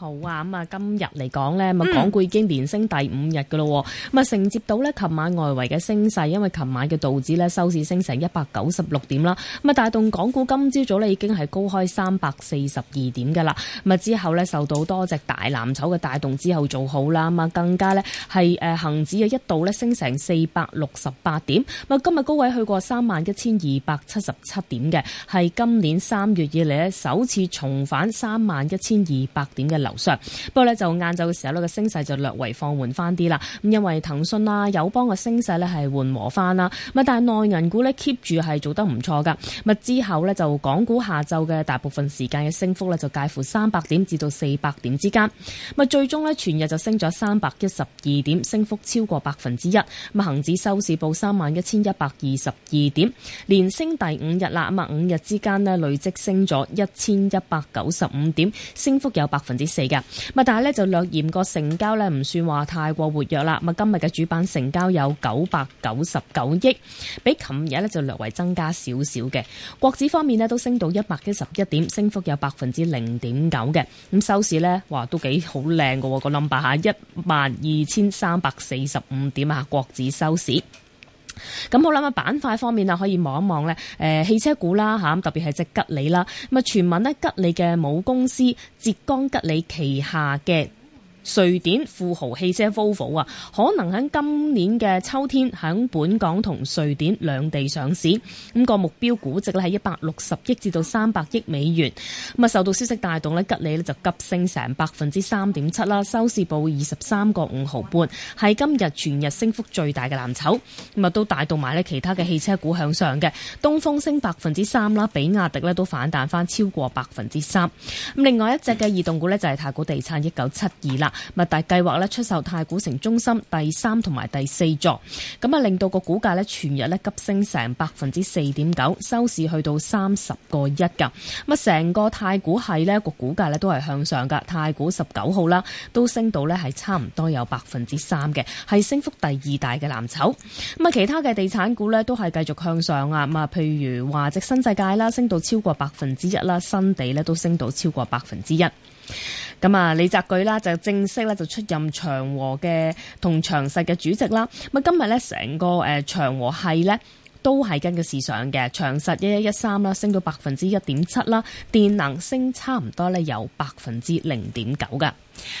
好啊，咁啊今日嚟講呢，咪港股已經連升第五日㗎咯，咁、嗯、啊承接到呢，琴晚外圍嘅升勢，因為琴晚嘅道指呢收市升成一百九十六點啦，咁啊帶動港股今朝早呢已經係高開三百四十二點㗎啦，咁啊之後呢，受到多隻大藍籌嘅帶動之後做好啦，咁啊更加呢係誒恆指嘅一度呢升成四百六十八點，咁啊今日高位去過三萬一千二百七十七點嘅，係今年三月以嚟呢首次重返三萬一千二百點嘅。上不過呢，就晏晝嘅時候呢，個升勢就略為放緩翻啲啦，咁因為騰訊啊友邦嘅升勢呢，係緩和翻啦，咪但係內銀股呢 keep 住係做得唔錯噶，咁之後呢，就港股下晝嘅大部分時間嘅升幅呢，就介乎三百點至到四百點之間，咁最終呢，全日就升咗三百一十二點，升幅超過百分之一，咁啊恒指收市報三萬一千一百二十二點，連升第五日啦，咁啊五日之間呢，累積升咗一千一百九十五點，升幅有百分之四。嚟嘅，咁但係咧就略嫌個成交咧唔算話太過活躍啦。咁今日嘅主板成交有九百九十九億，比琴日咧就略為增加少少嘅。國指方面呢都升到一百一十一點，升幅有百分之零點九嘅。咁收市呢哇都幾好靚嘅個 number 吓，一萬二千三百四十五點啊，吓國指收市。咁好啦咁，板塊方面啊，可以望一望咧，誒，汽車股啦吓，特別係隻吉利啦，咁啊，傳聞咧，吉利嘅母公司浙江吉利旗下嘅，瑞典富豪汽車 Volvo 啊，可能喺今年嘅秋天喺本港同瑞典兩地上市，咁個目標估值咧係一百六十億至到三百億美元。咁啊，受到消息帶動咧，吉利咧就急升成百分之三點七啦，收市報二十三個五毫半，係今日全日升幅最大嘅藍籌。咁啊，都帶動埋咧其他嘅汽車股向上嘅，東風升百分之三啦，比亞迪咧都反彈返超過百分之三。咁另外一隻嘅異動股呢，就係太古地產一九七二啦。物大計劃咧出售太古城中心第三同埋第四座，咁啊令到個股價咧全日咧急升成百分之四點九，收市去到三十個一噶。咁啊，成個太古係咧個股價咧都係向上噶。太古十九號啦，都升到咧係差唔多有百分之三嘅，係升幅第二大嘅藍籌。咁啊，其他嘅地產股咧都係繼續向上啊。咁啊，譬如話隻新世界啦，升到超過百分之一啦，新地咧都升到超過百分之一。咁啊，李澤钜啦就正式咧就出任長和嘅同長實嘅主席啦。咁啊，今日呢，成個誒長和系呢，都係根據市上嘅長實一一一三啦，升到百分之一點七啦，電能升差唔多呢，有百分之零點九噶。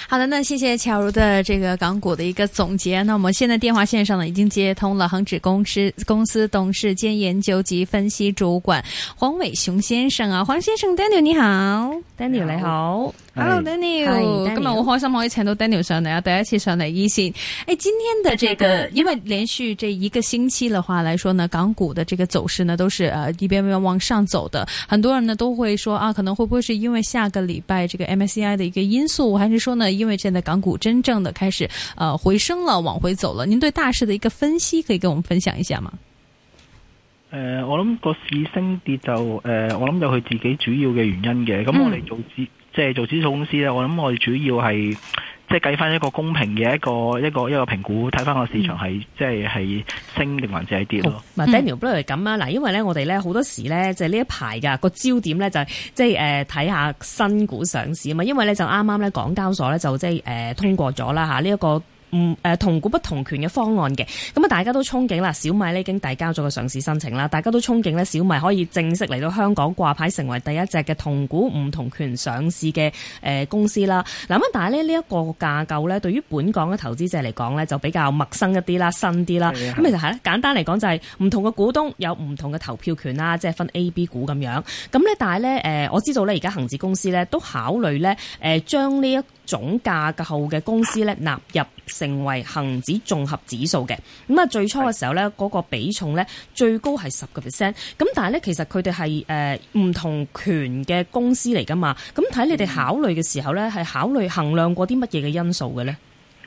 好的，那謝謝喬如的這個港股的一個總結。那我們現在電話線上呢已經接通了恒指公司公司董事兼研究及分析主管黃偉雄先生啊，黃先生 Daniel 你好，Daniel 你好。Daniel，你好你好。Hello，Daniel，Daniel. 今日我開心可以請到 Daniel 上嚟啊！第一次上嚟依先，誒、哎，今天的這個，因為連續這一個星期的話來說呢，港股的這個走勢呢，都是一邊邊往上走的，很多人呢都會說啊，可能會不會是因為下個禮拜這個 MSCI 的一個因素，還是說呢，因為現在港股真正的開始、呃、回升了，往回走了？您對大市的一個分析，可以跟我們分享一下嗎？呃、我諗個市升跌就、呃、我諗有佢自己主要嘅原因嘅，咁我哋做即係做指數公司咧，我諗我哋主要係即係計翻一個公平嘅一個一個一個評估，睇翻個市場係即係係升定還是係跌咯、嗯。Daniel，不如係咁啊！嗱，因為咧我哋咧好多時咧就係呢一排㗎個焦點咧就係即係誒睇下新股上市啊嘛，因為咧就啱啱咧港交所咧就即係誒通過咗啦吓呢一個。唔誒同股不同權嘅方案嘅，咁啊大家都憧憬啦。小米咧已經遞交咗個上市申請啦，大家都憧憬呢，小米，憬小米可以正式嚟到香港掛牌，成為第一隻嘅同股唔同權上市嘅誒公司啦。嗱咁但係咧呢一個架構呢，對於本港嘅投資者嚟講呢，就比較陌生一啲啦，新啲啦。咁其實就係咧簡單嚟講就係唔同嘅股東有唔同嘅投票權啦，即係分 A、B 股咁樣。咁呢，但係呢，誒，我知道呢，而家恒指公司呢，都考慮呢誒將呢一總價格後嘅公司咧，納入成為恒指綜合指數嘅。咁啊最初嘅時候咧，嗰個比重咧最高係十個 percent，咁但係咧其實佢哋係誒唔同權嘅公司嚟噶嘛，咁睇你哋考慮嘅時候咧，係考慮衡量過啲乜嘢嘅因素嘅咧？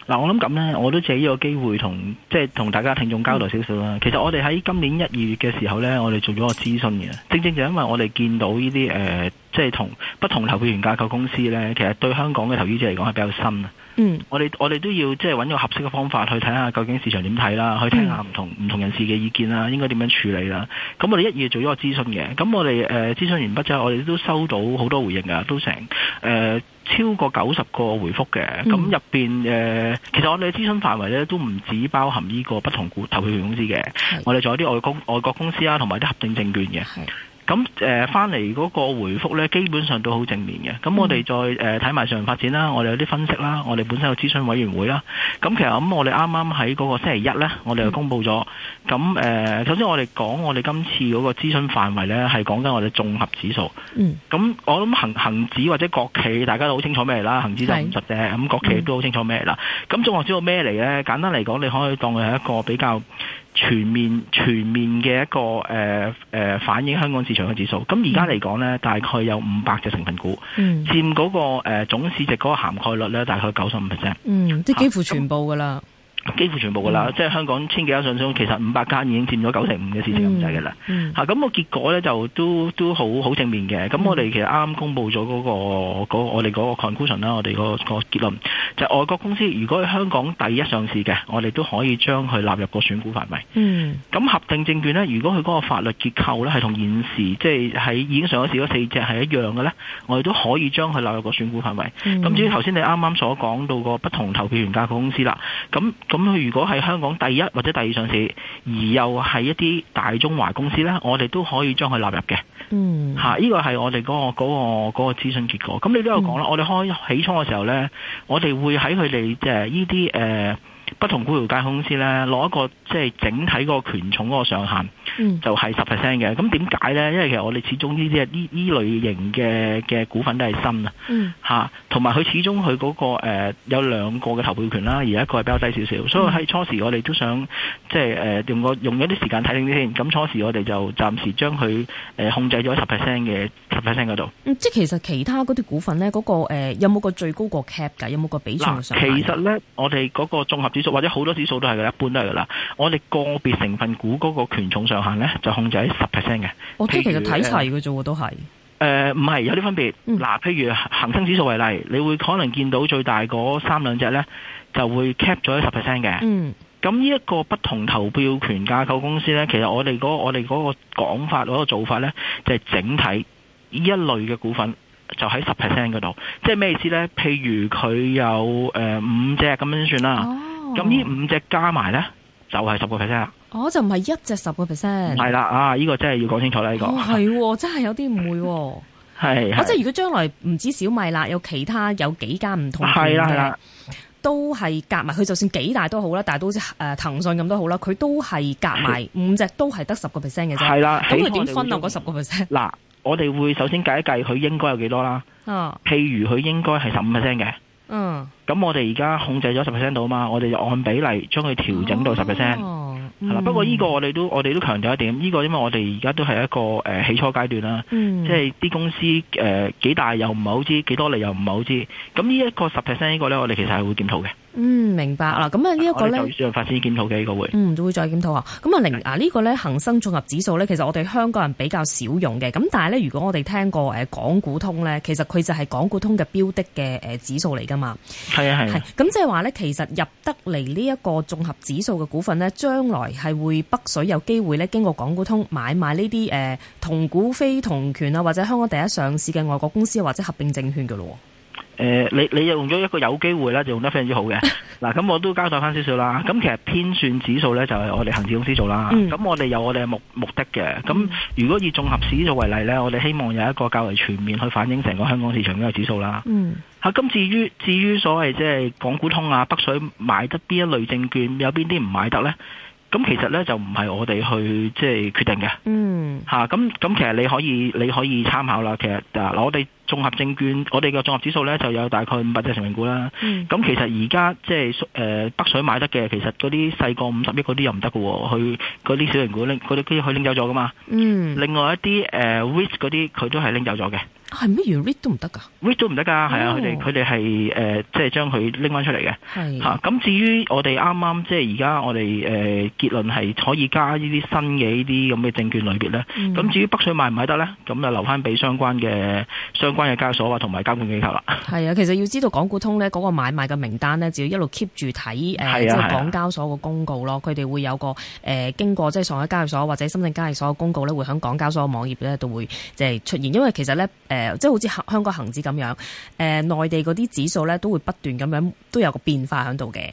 嗱，我諗咁咧，我都借呢個機會同即係同大家聽眾交代少少啦。其實我哋喺今年一二月嘅時候咧，我哋做咗個諮詢嘅，正正就因為我哋見到呢啲誒。呃即係同不同投票權架構公司呢，其實對香港嘅投資者嚟講係比較新嘅。嗯，我哋我哋都要即係揾一個合適嘅方法去睇下究竟市場點睇啦，去聽下唔同唔、嗯、同人士嘅意見啦，應該點樣處理啦。咁我哋一於做咗個諮詢嘅。咁我哋誒、呃、諮詢完畢之後，我哋都收到好多回應嘅，都成誒、呃、超過九十個回覆嘅。咁、嗯、入面誒、呃，其實我哋諮詢範圍呢，都唔止包含呢個不同股投票權公司嘅，我哋仲有啲外外國公司啊，同埋啲合訂證券嘅。咁返翻嚟嗰個回覆咧，基本上都好正面嘅。咁我哋再睇埋、呃、上文發展啦，我哋有啲分析啦，我哋本身有諮詢委員會啦。咁其實咁我哋啱啱喺嗰個星期一咧，我哋就公布咗。咁、嗯、誒、呃，首先我哋講我哋今次嗰個諮詢範圍咧，係講緊我哋綜合指數。咁、嗯、我諗恆，恆指或者國企大家都好清楚咩嚟啦，恆指就五十隻，咁國企、嗯、都好清楚咩嚟啦。咁綜合指數咩嚟咧？簡單嚟講，你可以當佢係一個比較。全面全面嘅一個誒誒、呃呃、反映香港市場嘅指數，咁而家嚟講呢，大概有五百隻成分股，佔、嗯、嗰、那個誒、呃、總市值嗰個涵蓋率呢，大概九十五 percent，嗯，即係幾乎全部噶啦。啊幾乎全部噶啦，嗯，即係香港千幾間上市,其實五百間已經佔咗九成五嘅市值咁滯噶啦。吓、嗯、咁、嗯，嗰個結果咧就都都好好正面嘅。咁我哋其實啱啱公布咗嗰個、嗯、我哋嗰個 conclusion 啦，嗰個，我哋個個結論就係，外國公司如果喺香港第一上市嘅，我哋都可以將佢納入個選股範圍。咁、嗯，合訂證券呢，如果佢嗰個法律結構呢，係同現時即係喺已經上市嗰四隻係一樣嘅呢，我哋都可以將佢納入個選股範圍。咁、嗯，至於頭先你啱啱所講到個不同投票權架構嘅公司啦，咁。咁佢如果係香港第一或者第二上市，而又係一啲大中華公司呢，我哋都可以將佢納入嘅。嗯，嚇、呢個嗰個，嗰個係我哋嗰個嗰個嗰個諮詢結果。咁你都有講啦，我哋開起初嘅時候呢，我哋會喺佢哋即係呢啲誒不同股權架構公司呢，攞一個即係、即係、整體個權重嗰個上限。嗯、就係十 percent 嘅，咁點解咧？因為其實我哋始終呢啲呢呢類型嘅嘅股份都係新啊，吓、嗯，同埋佢始終佢嗰個誒、呃、有兩個嘅投票權啦，而一個係比較低少少，所以喺初時我哋都想即係誒用個用一啲時間睇定啲先看看。咁初時我哋就暫時將佢誒控制咗十 percent 嘅十 percent 嗰度。即係其實其他嗰啲股份咧，嗰、那個誒、呃、有冇個最高個 cap 噶？有冇個比重的上？其實咧，我哋嗰個綜合指數或者好多指數都係一般都係噶啦。我哋個別成分股嗰個權重上。行咧就控制喺十 percent 嘅，即係其實睇齊嘅啫喎，都係誒，唔係，有啲分別。嗱，譬如恒、呃呃嗯、生指數為例，你會可能見到最大嗰三兩隻咧，就會 cap 咗喺十 percent 嘅。嗯，咁呢一個不同投票權架構公司咧，其實我哋嗰、嗰個、我哋個講法，嗰、嗰個做法咧，就係、係、整體呢一類嘅股份就喺十 percent 嗰度。即係咩意思咧？譬如佢有誒五隻咁樣算啦，咁、哦、呢五隻加埋咧，就係十個 percent 啦。哦，就唔係一隻十個 percent。係啦，啊，依個真係要講清楚啦，呢個。哦，係喎，真係有啲誤會喎。係、 啊。哦，即係如果將來唔止小米啦，有其他有幾間唔同嘅，都係夾埋。佢就算幾大都好啦，但係、呃、都好似誒騰訊咁都好啦，佢都係夾埋五隻都係得十個 percent 嘅啫。係啦。咁佢點分啊？嗰十個 percent？嗱，我哋會首先計一計佢應該有幾多啦、啊。譬如佢應該係十五 percent 嘅。嗯，咁我哋而家控制咗十 percent 度啊嘛，我哋就按比例將佢調整到十 percent，係啦。不過呢個我哋都我哋都強調一點，呢、這個因為我哋而家都係一個誒、呃、起初階段啦，即係啲公司誒幾、呃、大又唔係好知，幾多，多利又唔係好知。咁、這個、呢一個十 percent 呢個咧，我哋其實係會檢討嘅。嗯，明白啦。咁、嗯、啊，呢一個咧，我哋要發展檢討嘅呢個會。嗯，會再檢討啊。咁啊，零啊，呢個咧恒生綜合指數咧，其實我哋香港人比較少用嘅。咁但係咧，如果我哋聽過誒、呃、港股通咧，其實佢就係港股通嘅標的嘅誒指數嚟噶嘛。係啊係。係。咁即係話咧，其實入得嚟呢一個綜合指數嘅股份咧，將來係會北水有機會咧，經過港股通買賣呢啲誒同股非同權啊，或者香港第一上市嘅外國公司或者合併證券噶咯。誒、呃，你你又用咗一個有機會咧，就用得非常之好嘅。嗱，咁我都交代翻少少啦。咁其實編算指數咧，就係我哋恒指公司做啦。咁我哋有我哋嘅目目的嘅。咁如果以綜合指數為例咧，我哋希望有一個較為全面去反映成個香港市場嘅指數啦。嗯。吓，咁至於至於所謂即係港股通啊，北水買得邊一類證券，有邊啲唔買得咧？咁其實咧就唔係我哋去即係決定嘅，嗯，咁咁其實你可以你可以參考啦。其實嗱我哋綜合證券我哋嘅綜合指數咧就有大概五百隻成分股啦。咁、嗯、其實而家即係誒北水買得嘅，其實嗰啲細過五十億嗰啲又唔得嘅喎，佢嗰啲小型股拎嗰啲佢拎走咗㗎嘛。另外一啲誒 wish 嗰啲佢都係拎走咗嘅。係咩嘢 read 都唔得㗎，read 都唔得㗎，係啊！佢哋佢哋係誒，即係將佢拎翻出嚟嘅。係嚇咁，至於我哋啱啱即係而家我哋誒結論係可以加呢啲新嘅呢啲咁嘅證券類別咧。咁至於北水買唔買得咧？咁就留翻俾相關嘅相關嘅交易所啊，同埋監管機構啦。係啊，其實要知道港股通咧嗰個買賣嘅名單咧，就要一路 keep 住睇誒，即係港交所嘅公告咯。佢哋會有個誒經過，即係上海交易所或者深圳交易所公告咧，會喺港交所網頁咧都會即係出現。因為其實咧誒。即係好似香港恒指咁樣，誒內地嗰啲指數咧都會不斷咁樣都有個變化喺度嘅，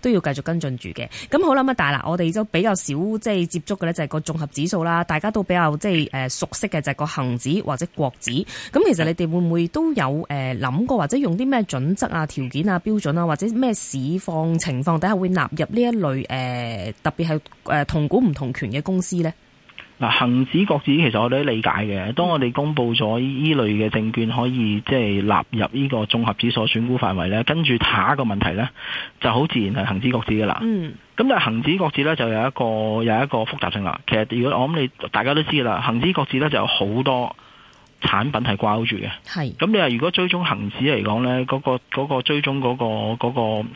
都要繼續跟進住嘅。咁好啦，咁大啦，我哋都比較少即係接觸嘅咧，就係個綜合指數啦。大家都比較即係誒熟悉嘅就係個恒指或者國指。咁其實你哋會唔會都有誒諗過或者用啲咩準則啊、條件啊、標準啊，或者咩市況情況底下會納入呢一類誒特別係誒同股唔同權嘅公司咧？嗱，恆指、國指其實我都理解嘅。當我哋公布咗依類嘅證券可以即係、就是、納入呢個綜合指數選股範圍呢，跟住下一個問題呢，就好自然係恆指、國指嘅啦。嗯。咁但係恆指、國指呢就有一個有一個複雜性啦。其實如果我諗你大家都知啦，恆指、國指呢就有好多產品係掛住嘅。係。咁你話如果追蹤恆指嚟講呢，嗰、那個那個追蹤嗰個嗰個。那個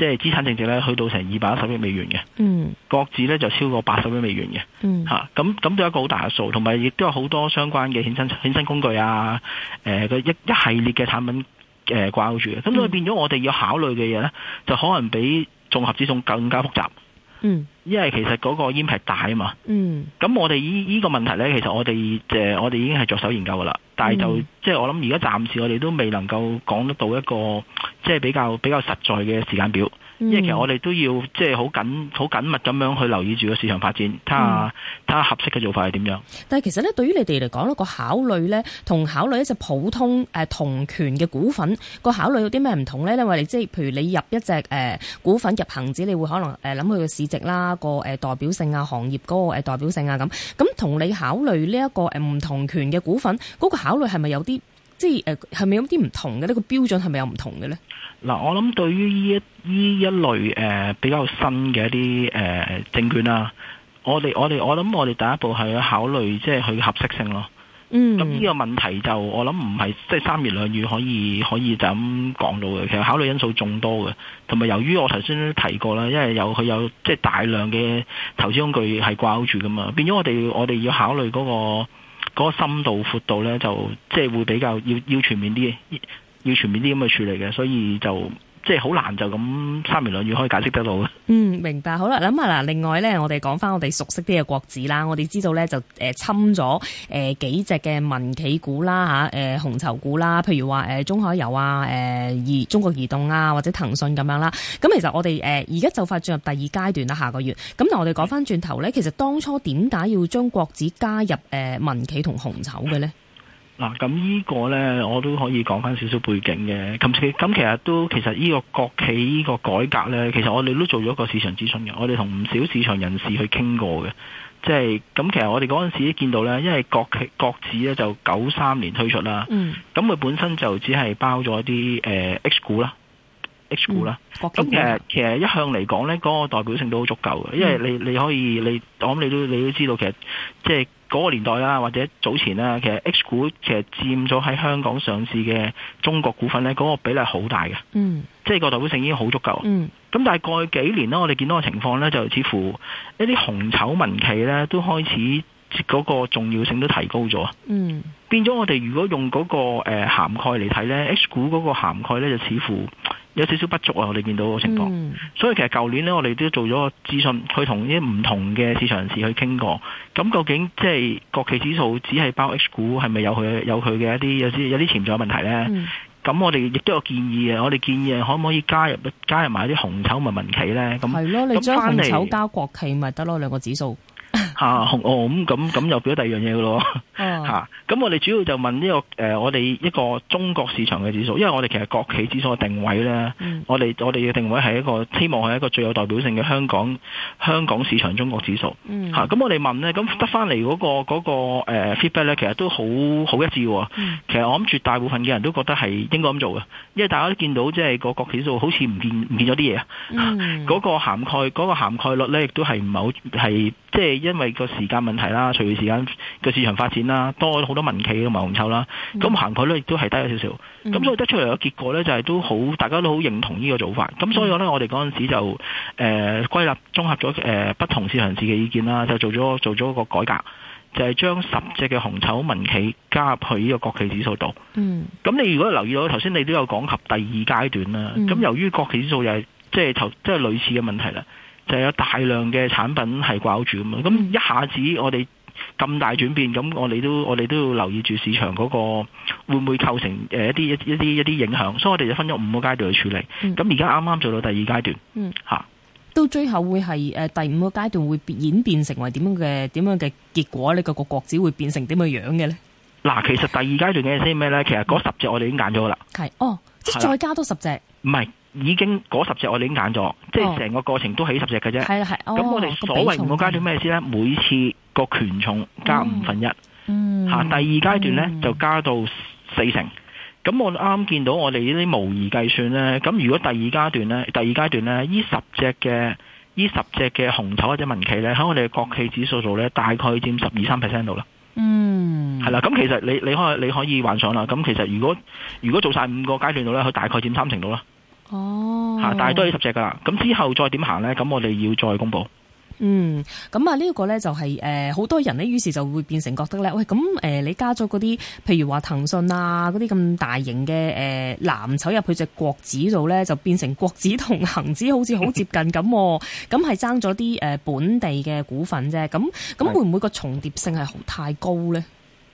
即係資產淨值咧，去到成二百一十億美元嘅，嗯，各自咧就超過八十億美元嘅，嗯，嚇、啊，咁咁都有一個好大嘅數，同埋亦都有好多相關嘅衍生衍生工具啊，誒、呃，佢一一系列嘅產品誒、呃、掛住嘅，咁所以變咗我哋要考慮嘅嘢咧，就可能比綜合資眾更加複雜，嗯，因為其實嗰個 impact 大啊嘛，嗯，咁我哋依依個問題咧，其實我哋誒我哋已經係着手研究噶啦。嗯、但係就即係、就是、我諗，而家暫時我哋都未能夠講得到一個即係、就是、比較比較實在嘅時間表。因為其實我哋都要即係好緊好緊密咁樣去留意住個市場發展，睇下睇下合適嘅做法係點樣、嗯。但係其實咧，對於你哋嚟講個考慮咧，同考慮一隻普通誒同權嘅股份個考慮有啲咩唔同咧？因為你即係譬如你入一隻誒股份入恒指，你會可能誒諗佢嘅市值啦，個誒代表性啊，行業嗰個誒代表性啊咁。咁同你考慮呢一個誒唔同權嘅股份，嗰個考慮係咪有啲？即係係係咪有啲唔同嘅？呢個標準係咪有唔同嘅呢？嗱，我諗對於呢一類呢一類誒比較新嘅一啲誒證券啦，我哋我哋我諗我哋第一步係去考慮即係佢嘅合適性咯。嗯，咁呢個問題就我諗唔係即係三言兩語可以可以就咁講到嘅，其實考慮因素眾多嘅。同埋由於我頭先提過啦，因為有佢有即係大量嘅投資工具係掛住㗎嘛，變咗我哋我哋要考慮嗰個。嗰、嗰個深度、闊度咧，就即係會比較要要全面啲，要全面啲咁嘅處理嘅，所以就。即係好難就咁三言兩語可以解釋得到嘅。嗯，明白。好啦，諗下嗱，另外咧，我哋講翻我哋熟悉啲嘅國指啦，我哋知道咧就誒侵咗誒、呃、幾隻嘅民企股啦吓，誒、呃、紅籌股啦，譬如話誒中海油啊，誒移中國移動啊，或者騰訊咁樣啦。咁其實我哋誒而家就快進入第二階段啦，下個月。咁我哋講翻轉頭咧，其實當初點解要將國指加入誒民、呃、企同紅籌嘅咧？嗱，咁呢個呢，我都可以講翻少少背景嘅。咁其咁其實都其實呢個國企呢個改革呢，其實我哋都做咗個市場諮詢嘅，我哋同唔少市場人士去傾過嘅。即係咁，其實我哋嗰陣時見到呢，因為國企國指呢，就九三年推出啦，咁、嗯、佢本身就只係包咗啲誒 H 股啦。H 股啦，咁其實，其實一向嚟講咧，嗰個代表性都好足夠嘅、嗯，因為你你可以你我諗你都你都知道，其實即係嗰個年代啦，或者早前啦，其實 H 股其實佔咗喺香港上市嘅中國股份咧，嗰個比例好大嘅，嗯，即係個代表性已經好足夠，嗯，咁但係過去幾年呢，我哋見到嘅情況咧，就似乎一啲紅籌民企咧都開始。嗰、那個重要性都提高咗，嗯，變咗我哋如果用嗰、那個呃、個涵蓋嚟睇咧，H 股嗰個涵蓋咧就似乎有少少不足啊！我哋見到個情況、嗯，所以其實舊年咧我哋都做咗個資訊，去同啲唔同嘅市場人士去傾過，咁究竟即係、就是、國企指數只係包 H 股，係咪有佢有佢嘅一啲有啲有啲潛在問題咧？咁、嗯、我哋亦都有建議嘅，我哋建議可唔可以加入加入埋啲紅籌民民企咧？咁係咯，你將紅籌加國企咪得咯？兩個指數。咁、啊、咁，又表咗第二樣嘢嘅咯。咁、嗯啊、我哋主要就問呢、呢個誒、呃，我哋一個中國市場嘅指數，因為我哋其實國企指數嘅定位咧、嗯，我哋我哋嘅定位係一個希望係一個最有代表性嘅香港香港市場中國指數。咁、嗯啊、我哋問咧，咁得翻嚟嗰個嗰、嗰個 feedback 咧，其實都好好一致。其實我諗絕大部分嘅人都覺得係應該咁做嘅，因為大家都見到即係、即係、個國企指數好似唔見唔見咗啲嘢啊，嗰、嗰個涵蓋、嗰個、涵蓋率咧亦都係唔係好係即係因為。個時間問題啦，隨住時間嘅市場發展啦，多咗好多民企同埋紅籌啦，咁行佢咧亦都係低咗少少，咁、嗯、所以得出嚟嘅結果呢，就係都好，大家都好認同呢個做法，咁所以呢，我哋嗰陣時就誒歸納綜合咗誒、呃、不同市場市嘅意見啦，就做咗做咗個改革，就係、是、將十隻嘅紅籌民企加入去呢個國企指數度。咁、嗯、你如果留意到頭先，剛才你都有講及第二階段啦，咁由於國企指數又係即係投即係類似嘅問題啦。就是、有大量嘅產品係掛住咁樣！咁一下子我哋咁大轉變，咁我哋都我哋都要留意住市場嗰個會唔會構成誒一啲一啲一啲影響。所以我哋就分咗五個階段去處理。咁而家啱啱做到第二階段，嚇、嗯啊、到最後會係誒第五個階段會演變成為點樣嘅點樣嘅結果？呢個個國指會變成點樣的樣嘅咧？嗱、啊，其實第二階段嘅意思係咩咧？其實嗰十隻我哋已經揀咗啦。係哦，即係再加多十隻。唔係。已經嗰十隻我已經揀咗，即係成個過程都起十隻嘅啫。咁、oh, 我哋所謂五個階段咩意思呢？嗯、每次個權重加五分一。吓、嗯，第二階段呢就加到四成。咁、嗯、我啱啱見到我哋呢啲模擬計算呢。咁如果第二階段呢，第二階段呢呢十隻嘅呢十隻嘅紅籌或者民企呢，喺我哋嘅國企指數度呢，大概佔十二三 percent 度啦。係啦，咁、嗯、其實你你可以你可以幻想啦。咁其實如果如果做晒五個階段度呢，佢大概佔三成度啦。哦，吓，但係都係十隻噶啦。咁之後再點行咧？咁我哋要再公布。嗯，咁啊、就是，呢一個咧就係誒，好多人呢，於是就會變成覺得咧，喂，咁誒、呃，你加咗嗰啲，譬如話騰訊啊，嗰啲咁大型嘅誒、呃、藍籌入去隻國指度咧，就變成國指同恒指好似好接近咁、啊，咁係爭咗啲誒本地嘅股份啫。咁咁會唔會個重疊性係太高咧？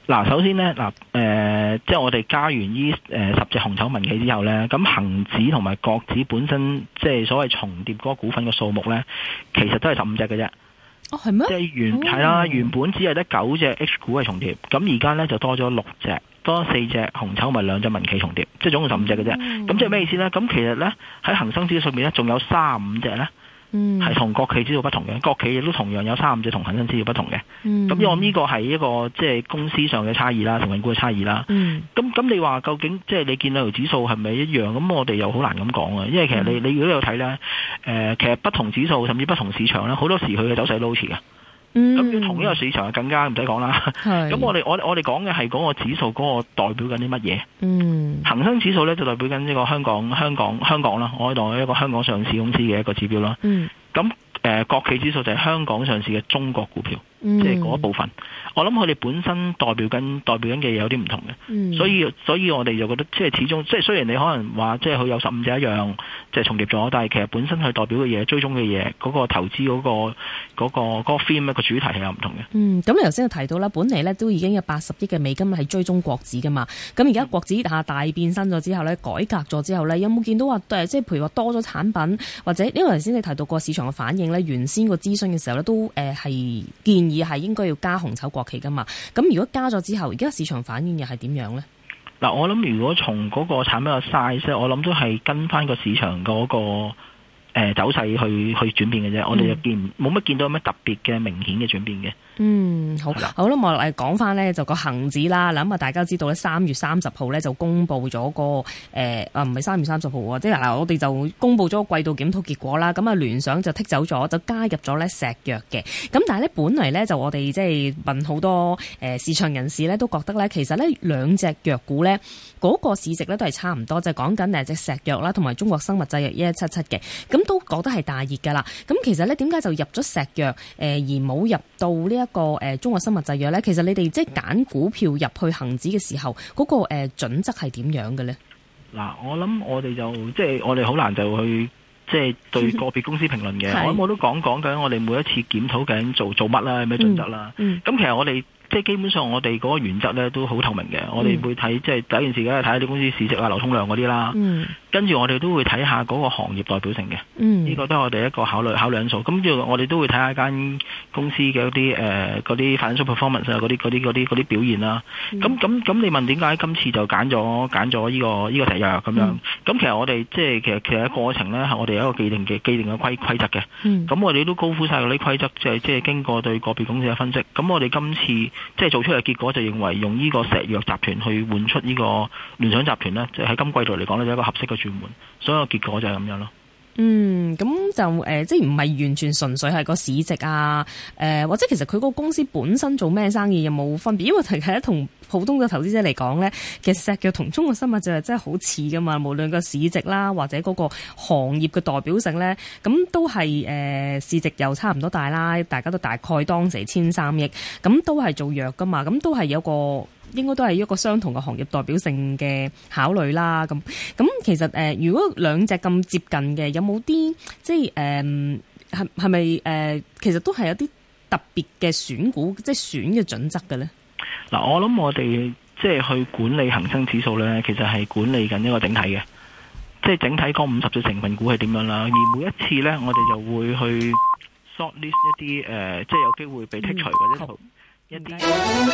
嗱，首先呢，嗱、呃，即係我哋加完呢十隻紅籌民企之後呢，咁恒指同埋國指本身，即係所謂重疊嗰個股份嘅數目呢，其實都係十五隻嘅啫。係、哦、即係原啦、哦啊，原本只係得九隻 H 股係重疊，咁而家呢就多咗六隻，多四隻紅籌，同埋兩隻民企重疊，即係總共十五隻嘅啫。咁、哦、即係咩意思呢？咁其實呢，喺恆生指上面呢，仲有三五隻呢，係同國企指數不同嘅，國企亦都同樣有三五隻同恒生指數不同嘅。咁我呢個係一個即係、就是、公司上嘅差異啦，同成分股嘅差異啦。咁、嗯、咁你話究竟即係、就是、你見兩條指數係咪一樣？咁我哋又好難咁講啊。因為其實你你如果有睇呢、呃，其實不同指數甚至不同市場呢，好多時佢嘅走勢都好似嘅。咁、嗯、要同一個市場就更加唔使講啦。咁我哋我我哋講嘅係嗰個指數，嗰個代表緊啲乜嘢？恒、嗯、生指數咧就代表緊呢個香港香港香港啦，我可以當一個香港上市公司嘅一個指標啦。咁、嗯、誒、呃，國企指數就係香港上市嘅中國股票。嗯、即係嗰一部分，我諗佢哋本身代表緊代表緊嘅嘢有啲唔同嘅，嗯，所以所以我哋就覺得即係始終即係雖然你可能話即係佢有十五隻一樣即係重疊咗，但係其實本身佢代表嘅嘢，追蹤嘅嘢嗰個投資嗰個嗰個嗰個 theme，個主題係有唔同嘅。咁、嗯、你頭先又提到啦，本嚟咧都已經有八十億嘅美金係追蹤國指㗎嘛，咁而家國指嚇大變身咗之後咧，改革咗之後咧，有冇見到話誒即係譬如話多咗產品或者因為頭先你提到過市場嘅反應咧，原先個諮詢嘅時候咧都誒係，呃、建議。而係應該要加紅籌國企噶嘛？咁如果加咗之後，而家市場反應又係點樣呢？嗱，我諗如果從嗰個產品嘅 size，我諗都係跟翻個市場嗰、那個誒、呃、走勢去去轉變嘅啫。我哋又見冇乜見到有咩特別嘅明顯嘅轉變嘅。嗯，好嗯好啦，我嚟講翻呢，就個恒指啦，咁啊大家知道咧三月三十號咧就公布咗個誒啊唔係三月三十號喎。即係嗱我哋就公布咗個季度檢討結果啦，咁啊聯想就剔走咗，就加入咗咧石藥嘅，咁但係咧本嚟咧就我哋即係問好多誒市場人士咧都覺得咧其實呢兩隻藥股咧嗰、嗰個市值咧都係差唔多，就講緊誒隻石藥啦，同埋中國生物製藥一一七七嘅，咁都覺得係大熱噶啦，咁其實咧點解就入咗石藥誒而冇入到呢一？一個誒，中國生物製藥咧，其實你哋即係揀股票入去恒指嘅時候，嗰個誒準則係點樣嘅咧？嗱，我諗我哋就即係我哋好難就去即係對個別公司評論嘅，我諗我都講講緊，我哋每一次檢討緊做做乜啦，有咩準則啦。咁其實我哋即係基本上我哋嗰個原則咧都好透明嘅，我哋會睇即係第一件事梗係睇下啲公司市值啊、流通量嗰啲啦。跟住我哋都會睇下嗰個行業代表性嘅，呢、嗯這個都係我哋一個考慮考慮因素。咁即係我哋都會睇下間公司嘅嗰啲誒嗰啲 financial performance 啊，嗰啲嗰啲啲啲表現啦。咁咁咁，你問點解今次就揀咗揀咗依個依、這個石藥咁樣？咁、嗯、其實我哋即係其實其實過程咧係我哋有一個既定嘅既定嘅規規則嘅。咁、嗯、我哋都高呼晒嗰啲規則，即係即係經過對個別公司嘅分析。咁我哋今次即係、就是、做出嘅結果就認為用呢個石藥集團去換出呢個聯想集團咧，即係喺今季度嚟講咧有一個合適嘅。所有結果就係咁樣咯。嗯，咁就誒、呃，即係唔係完全純粹係個市值啊？誒、呃，或者其實佢個公司本身做咩生意又冇分別，因為其實同普通嘅投資者嚟講咧，其實石藥同中國生物就係真係好似噶嘛。無論個市值啦、啊，或者嗰個行業嘅代表性咧，咁都係、呃、市值又差唔多大啦，大家都大概當時千三億，咁都係做藥噶嘛，咁都係有個。應該都係一個相同嘅行業代表性嘅考慮啦。咁咁其實誒，如果兩隻咁接近嘅，有冇啲即係誒，係係咪誒，其實都係有啲特別嘅選股，即係選嘅準則嘅咧？嗱，我諗我哋即係去管理恒生指數咧，其實係管理緊一個整體嘅，即係整體嗰五十隻成分股係點樣啦。而每一次咧，我哋就會去 shortlist 一啲誒，即係有機會被剔除或者一啲。